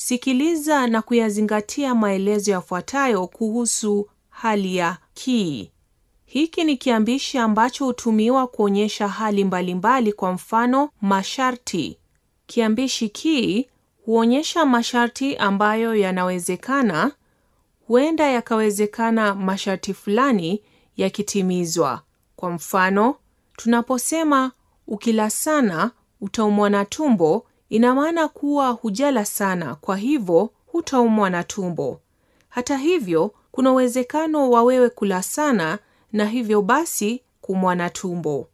Sikiliza na kuyazingatia maelezo yafuatayo kuhusu hali ya ki. Hiki ni kiambishi ambacho hutumiwa kuonyesha hali mbalimbali mbali, kwa mfano masharti. Kiambishi ki huonyesha masharti ambayo yanawezekana, huenda yakawezekana masharti fulani yakitimizwa. Kwa mfano, tunaposema ukila sana utaumwa na tumbo, Ina maana kuwa hujala sana, kwa hivyo hutaumwa na tumbo. Hata hivyo, kuna uwezekano wa wewe kula sana na hivyo basi kumwa na tumbo.